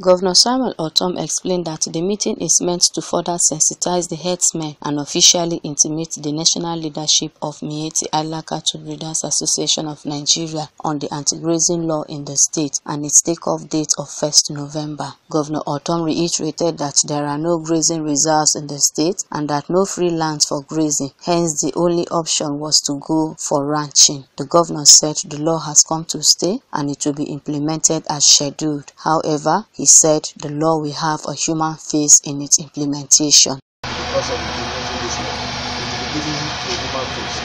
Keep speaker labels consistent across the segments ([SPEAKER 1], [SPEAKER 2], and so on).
[SPEAKER 1] Governor Samuel Otom explained that the meeting is meant to further sensitize the headsmen and officially intimate the national leadership of Miyetti Allah Breeders Association of Nigeria on the anti-grazing law in the state and its take-off date of 1st November. Governor Otom reiterated that there are no grazing reserves in the state and that no free lands for grazing, hence the only option was to go for ranching. The governor said the law has come to stay and it will be implemented as scheduled. However, he he said the law will have a human face in its implementation. Because of the this law, it will be given a human face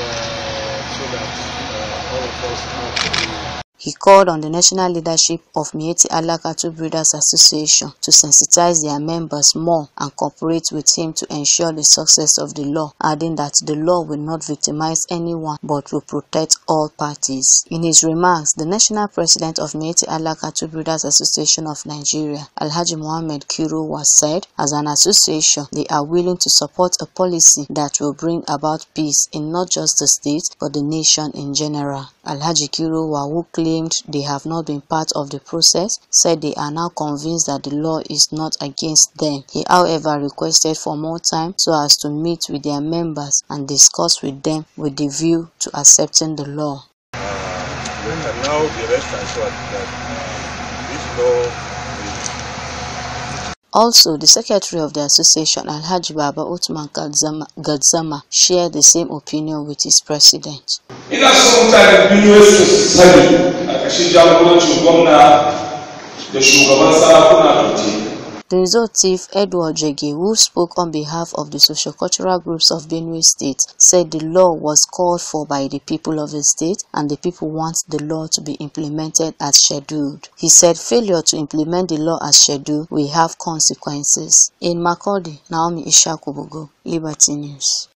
[SPEAKER 1] uh, so that uh, all of us know he called on the national leadership of Meeti Alakatu Breeders Association to sensitize their members more and cooperate with him to ensure the success of the law, adding that the law will not victimize anyone but will protect all parties. In his remarks, the national president of Meeti Alakatu Breeders Association of Nigeria, Alhaji Mohammed Kiro, was said, as an association, they are willing to support a policy that will bring about peace in not just the state but the nation in general. Alhaji Kiro Wawu claimed claimed they have not been part of the process said they are now convinced that the law is not against them. He however requested for more time so as to meet with their members and discuss with them with the view to accepting the law. Uh, can now be rest assured that uh, this law also, the secretary of the association, Alhaji Baba Utman Gadzama, shared the same opinion with his president. In the result chief Edward Jege, who spoke on behalf of the sociocultural groups of Benue State, said the law was called for by the people of the state and the people want the law to be implemented as scheduled. He said failure to implement the law as scheduled will have consequences. In Makodi, Naomi Ishakubugo, Liberty News.